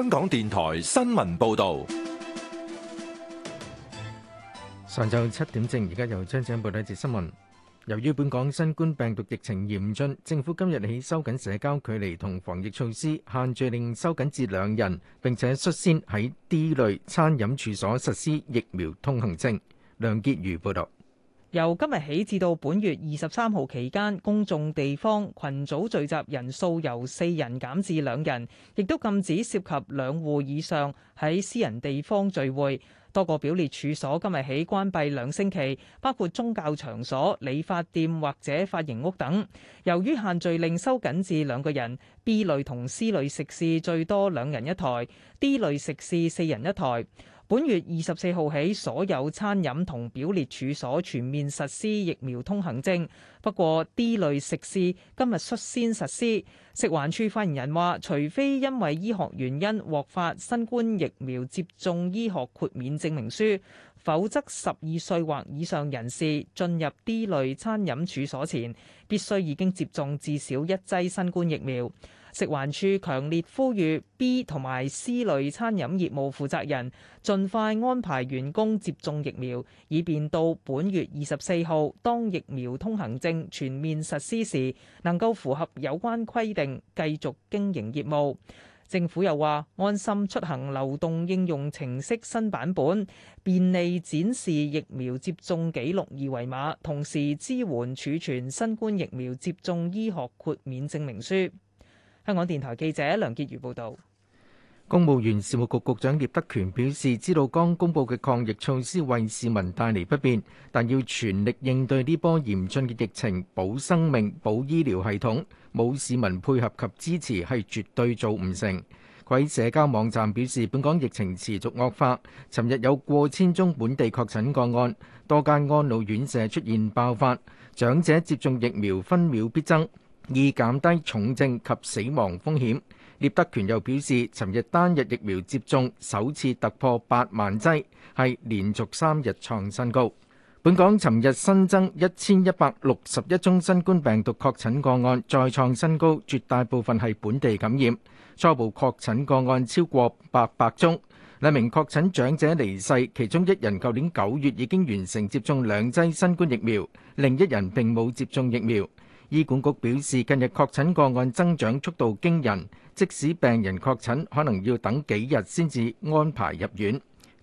香港電台新聞報道，上晝七點正，而家由張子恩報道呢一節新聞，由於本港新冠病毒疫情嚴峻，政府今日起收緊社交距離同防疫措施，限聚令收緊至兩人，並且率先喺 D 類餐飲處所實施疫苗通行證。梁潔如報道。由今日起至到本月二十三號期間，公眾地方群組聚集人數由四人減至兩人，亦都禁止涉及兩戶以上喺私人地方聚會，多個表列處所今日起關閉兩星期，包括宗教場所、理髮店或者髮型屋等。由於限聚令收緊至兩個人，B 類同 C 類食肆最多兩人一台，D 類食肆四人一台。本月二十四號起，所有餐飲同表列處所全面實施疫苗通行證。不過，D 類食肆今日率先實施。食環署發言人話，除非因為醫學原因獲發新冠疫苗接種醫學豁免證明書，否則十二歲或以上人士進入 D 類餐飲處所前，必須已經接種至少一劑新冠疫苗。食環署強烈呼籲 B 同埋 C 類餐飲業務負責人盡快安排員工接種疫苗，以便到本月二十四號當疫苗通行證全面實施時，能夠符合有關規定繼續經營業務。政府又話安心出行流動應用程式新版本便利展示疫苗接種記錄二維碼，同時支援儲存新冠疫苗接種醫學豁免證明書。香港電台記者梁潔如報道，公務員事務局局長聶德權表示，知道剛公布嘅抗疫措施為市民帶嚟不便，但要全力應對呢波嚴峻嘅疫情，保生命、保醫療系統，冇市民配合及支持係絕對做唔成。佢喺社交網站表示，本港疫情持續惡化，尋日有過千宗本地確診個案，多間安老院舍出現爆發，長者接種疫苗分秒必爭。以減低重症及死亡風險。聶德權又表示，尋日單日疫苗接種首次突破八萬劑，係連續三日創新高。本港尋日新增一千一百六十一宗新冠病毒確診個案，再創新高，絕大部分係本地感染。初步確診個案超過八百宗，兩名確診長者離世，其中一人舊年九月已經完成接種兩劑新冠疫苗，另一人並冇接種疫苗。醫管局表示，近日確診個案增長速度驚人，即使病人確診，可能要等幾日先至安排入院。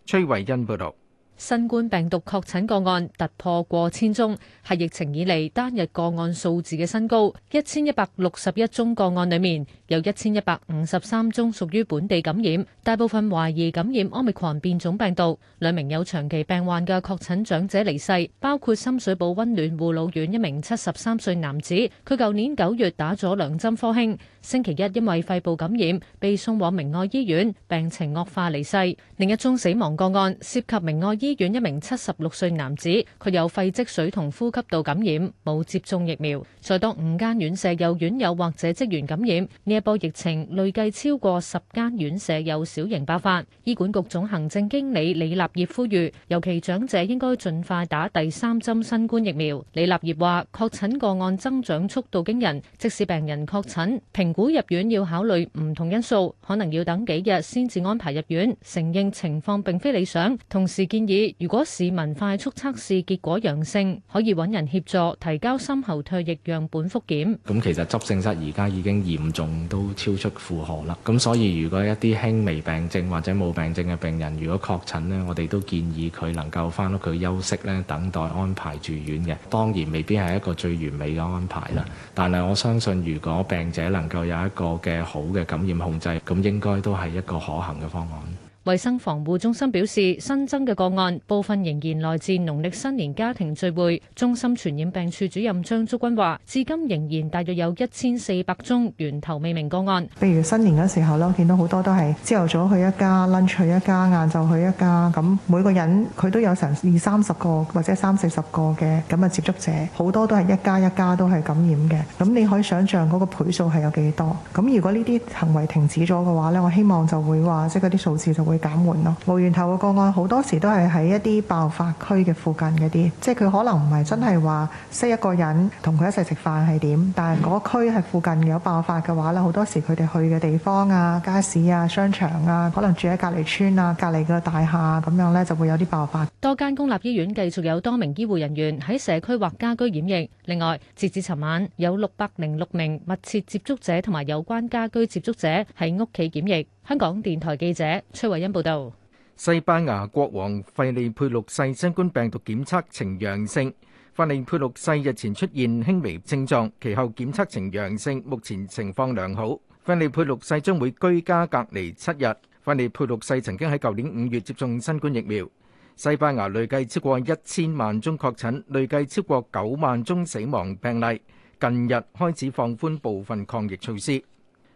崔慧欣報道。新冠病毒確診個案突破過千宗，係疫情以嚟單日個案數字嘅新高。一千一百六十一宗個案裏面，有一千一百五十三宗屬於本地感染，大部分懷疑感染 Omicron 變種病毒。兩名有長期病患嘅確診長者離世，包括深水埗溫暖護老院一名七十三歲男子，佢舊年九月打咗兩針科興。星期一，因為肺部感染被送往明愛醫院，病情惡化離世。另一宗死亡個案涉及明愛醫院一名七十六歲男子，佢有肺積水同呼吸道感染，冇接種疫苗。再多五間院舍有院友或者職員感染，呢一波疫情累計超過十間院舍有小型爆發。醫管局總行政經理李立業呼籲，尤其長者應該盡快打第三針新冠疫苗。李立業話：確診個案增長速度驚人，即使病人確診，平估入院要考慮唔同因素，可能要等幾日先至安排入院。承認情況並非理想，同時建議如果市民快速測試結果陽性，可以揾人協助提交深喉唾液樣本復檢。咁其實執症室而家已經嚴重都超出負荷啦。咁所以如果一啲輕微病症或者冇病症嘅病人，如果確診咧，我哋都建議佢能夠翻屋企休息咧，等待安排住院嘅。當然未必係一個最完美嘅安排啦，但係我相信如果病者能夠有一個嘅好嘅感染控制，咁應該都係一個可行嘅方案。衛生防護中心表示，新增嘅個案部分仍然來自農曆新年家庭聚會。中心傳染病處主任張竹君話，至今仍然大約有一千四百宗源頭未明個案。譬如新年嗰時候呢，我見到好多都係朝頭早去一家，lunch 去一家，晏晝去一家，咁每個人佢都有成二三十個或者三四十個嘅咁嘅接觸者，好多都係一家一家都係感染嘅。咁你可以想象嗰個倍數係有幾多？咁如果呢啲行為停止咗嘅話呢，我希望就會話即係嗰啲數字就會。減緩咯，無源頭嘅個案好多時都係喺一啲爆發區嘅附近嗰啲，即係佢可能唔係真係話識一個人同佢一齊食飯係點，但係嗰區係附近有爆發嘅話咧，好多時佢哋去嘅地方啊、街市啊、商場啊，可能住喺隔離村啊、隔離嘅大廈咁樣呢，就會有啲爆發。多間公立醫院繼續有多名醫護人員喺社區或家居檢疫。另外，截至尋晚，有六百零六名密切接觸者同埋有關家居接觸者喺屋企檢疫。香港電台記者崔偉。報道：西班牙國王費利佩六世新冠病毒檢測呈陽性。費利佩六世日前出現輕微症狀，其後檢測呈陽性，目前情況良好。費利佩六世將會居家隔離七日。費利佩六世曾經喺舊年五月接種新冠疫苗。西班牙累計超過一千萬宗確診，累計超過九萬宗死亡病例。近日開始放寬部分抗疫措施。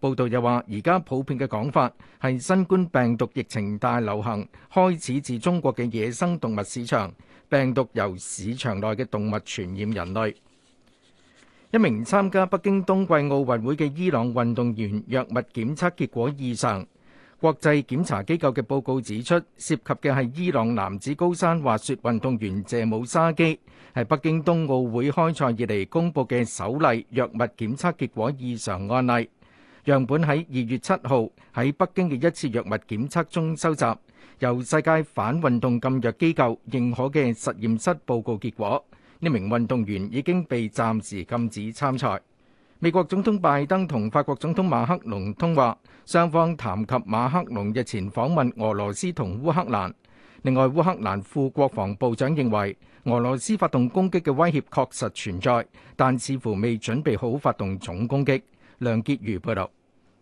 報道又話，而家普遍嘅講法係新冠病毒疫情大流行開始至中國嘅野生動物市場，病毒由市場內嘅動物傳染人類。一名參加北京冬季奧運會嘅伊朗運動員藥物檢測結果異常，國際檢查機構嘅報告指出，涉及嘅係伊朗男子高山滑雪運動員謝姆沙基，係北京冬奧會開賽以嚟公布嘅首例藥物檢測結果異常案例。樣本喺二月七號喺北京嘅一次藥物檢測中收集，由世界反運動禁藥機構認可嘅實驗室報告結果。呢名運動員已經被暫時禁止參賽。美國總統拜登同法國總統馬克龍通話，雙方談及馬克龍日前訪問俄羅斯同烏克蘭。另外，烏克蘭副國防部長認為俄羅斯發動攻擊嘅威脅確實存在，但似乎未準備好發動總攻擊。梁潔如報道，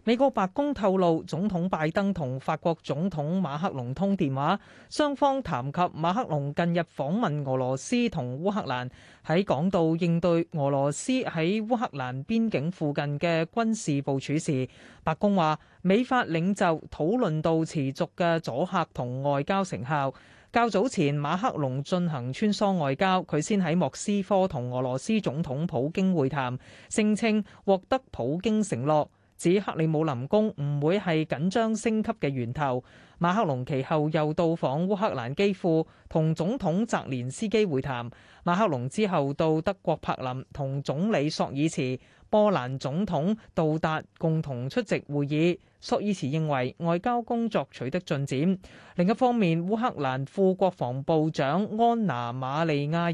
美國白宮透露，總統拜登同法國總統馬克龍通電話，雙方談及馬克龍近日訪問俄羅斯同烏克蘭，喺講到應對俄羅斯喺烏克蘭邊境附近嘅軍事部署時，白宮話美法領袖討論到持續嘅阻吓同外交成效。較早前，馬克龍進行穿梭外交，佢先喺莫斯科同俄羅斯總統普京會談，聲稱獲得普京承諾，指克里姆林宮唔會係緊張升級嘅源頭。馬克龍其後又到訪烏克蘭基輔，同總統澤連斯基會談。馬克龍之後到德國柏林，同總理朔爾茨、波蘭總統杜達共同出席會議。索爾茨認為外交工作取得進展。另一方面，烏克蘭副國防部長安娜馬利亞爾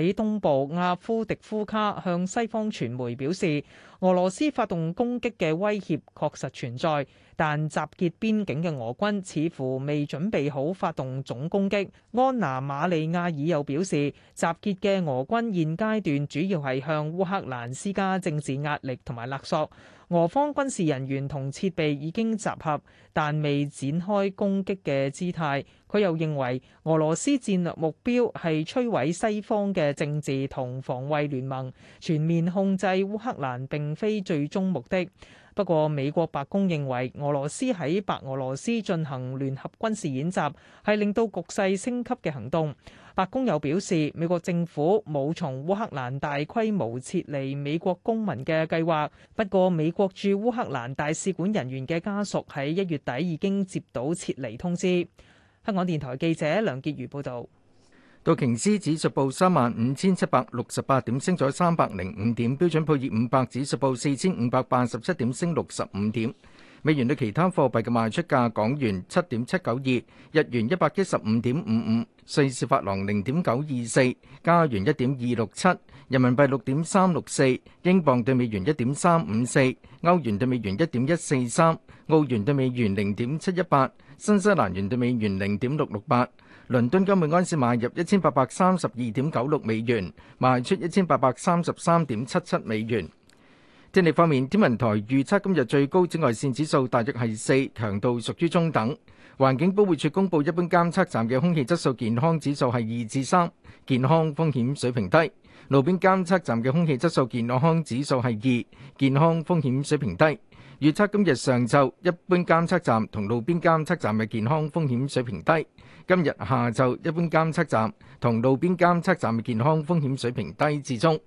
喺東部阿夫迪夫卡向西方傳媒表示，俄羅斯發動攻擊嘅威脅確實存在。但集結邊境嘅俄軍似乎未準備好發動總攻擊，安娜馬利亞爾又表示，集結嘅俄軍現階段主要係向烏克蘭施加政治壓力同埋勒索。俄方軍事人員同設備已經集合，但未展開攻擊嘅姿態，佢又認為俄羅斯戰略目標係摧毀西方嘅政治同防衛聯盟，全面控制烏克蘭並非最終目的。不過，美國白宮認為俄羅斯喺白俄羅斯進行聯合軍事演習係令到局勢升級嘅行動。白宮又表示，美國政府冇從烏克蘭大規模撤離美國公民嘅計劃。不過，美國駐烏克蘭大使館人員嘅家屬喺一月底已經接到撤離通知。香港電台記者梁潔如報導。道瓊斯指數報三萬五千七百六十八點，升咗三百零五點；標準普爾五百指數報四千五百八十七點，升六十五點。美元對其他貨幣嘅賣出價：港元七點七九二，日元一百一十五點五五，瑞士法郎零點九二四，加元一點二六七，人民幣六點三六四，英鎊對美元一點三五四，歐元對美元一點一四三，澳元對美元零點七一八，新西蘭元對美元零點六六八。倫敦金每安士買入一千八百三十二點九六美元，賣出一千八百三十三點七七美元。天氣方面，天文台預測今日最高紫外線指數大約係四，強度屬於中等。環境保護署公布一般監測站嘅空氣質素健康指數係二至三，3，健康風險水平低。路邊監測站嘅空氣質素健康指數係二，健康風險水平低。預測今日上晝一般監測站同路邊監測站嘅健康風險水平低。今日下晝，一般監測站同路邊監測站嘅健康風險水平低至中。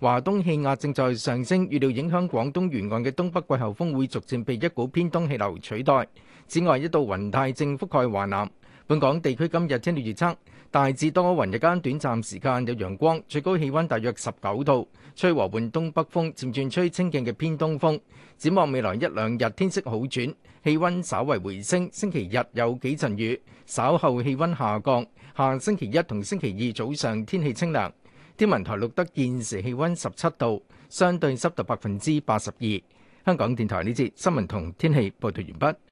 華東氣壓正在上升，預料影響廣東沿岸嘅東北季候風會逐漸被一股偏東氣流取代。此外，一道雲帶正覆蓋華南。本港地區今日天氣預測，大致多雲，日間短暫時間有陽光，最高氣温大約十九度，吹和緩東北風，漸轉吹清勁嘅偏東風。展望未來一兩日天色好轉，氣温稍為回升。星期日有幾陣雨，稍後氣温下降。下星期一同星期二早上天氣清涼。天文台錄得現時氣温十七度，相對濕度百分之八十二。香港電台呢節新聞同天氣報道完畢。